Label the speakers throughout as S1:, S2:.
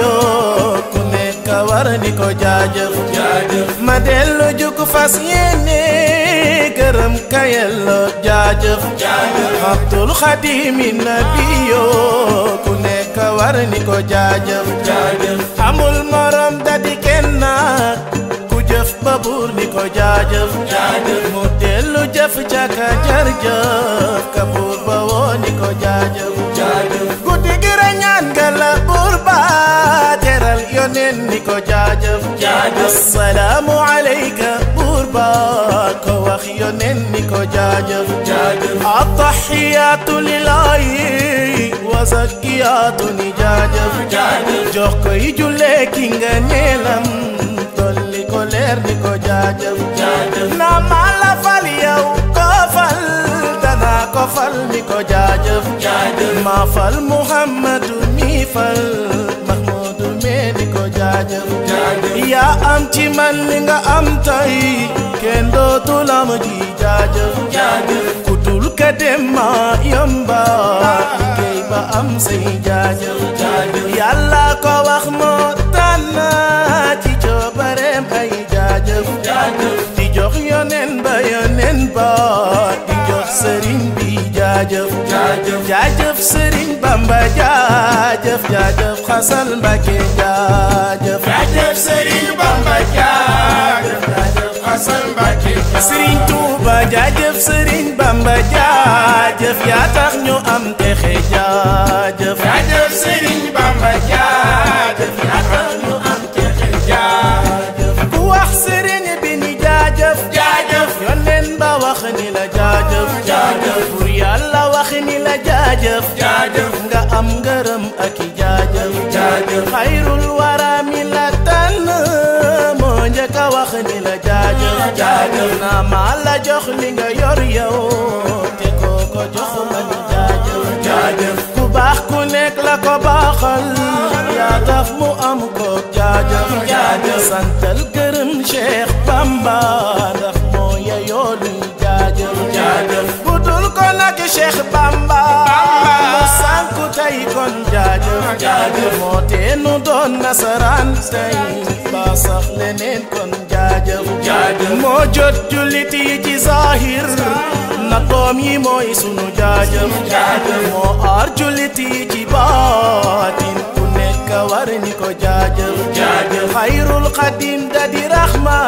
S1: yoo ku nekk war di ko jaajëf ma dellu jug fas yéene gërëm ka yelloo jaajëf Abdul Xadimi nabi yoo ku nekk war di ko jaajëf amul morom dadi kenn nag jëf ba buur ni ko jaajëf jaajëf mu dellu jëf jaka jarjëf ka buur ba woo ni ko jaajëf منك وجاجف السلام عليك قرباك وخي منك وجاجف التحيات لله وزكيات نجاجف جوك يجلك نيلم تلك لرنك وجاجف نعم على فاليوم كفل نكو جاجف ما فال محمد ميفل jaajëf yaa am ci man li nga am tay kenn dootul am ba am say jaajëf yàlla ko wax moo tànn ci coobareem ay jaajëf di jox yonen ba yonen ba di jox sëriñ bi sëriñ Tuuba jaajëf sëriñ Bamba jaajëf yaa tax ñu am texe jaajëf jaajëf sëriñ Bamba jaajëf yaa tax ñu am texe jaajëf ku wax sëriñ bi ni jaajëf jaajëf yoneen ba wax ni la jaajëf jaajëf pour yàlla wax ni la jaajëf jaajëf nga am ngërëm ak i jaajëf jaajëf xayrul waraami la jaajëf naa ma la jox li nga yor yow te koo ko jox ma ni jaajëf jaajëf ku baax ku nekk la ko baaxal yaa tax mu am ko jaajëf jaajëf santal gërëm Cheikh Bamba ndax moo yeyoo luy jaajëf jaajëf bu dul ko nag Cheikh Bamba sànku tey kon jaajëf jaajëf moo teenu doon nasaraan tey ba sax leneen kon moo jot jullit yi ci zahir nattoom yi mooy sunu jaajëf moo aar jullit yi ci baatin ku nekk war ni ko jaajëf xayrul xadim da di raxma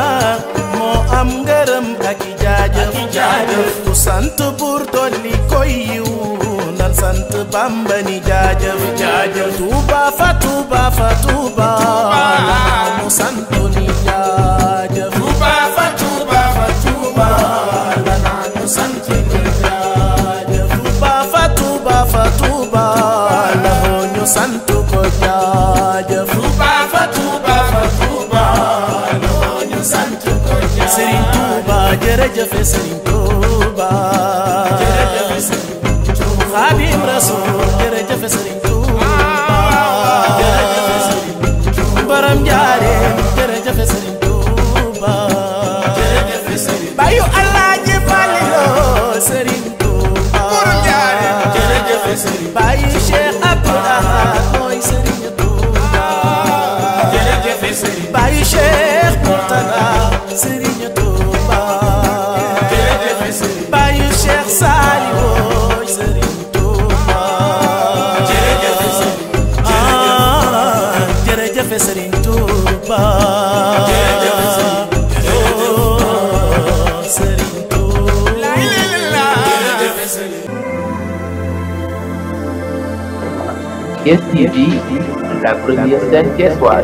S1: moo am ngërëm ak i jaajëf sant buur dolli koy yiw nan sant bamba ni jaajëf tuuba fa tuuba fa tuuba ñu sant ko jaajëf. Touba fa Touba fa Touba loo ñu sant ko jaajëf. Serigne Touba jërëjëf Serigne Touba. jërëjëf Serigne Touba. Xaadim Rasul jërëjëf Serigne. فسرين توبا Yes, TG, Labradius, and guess what?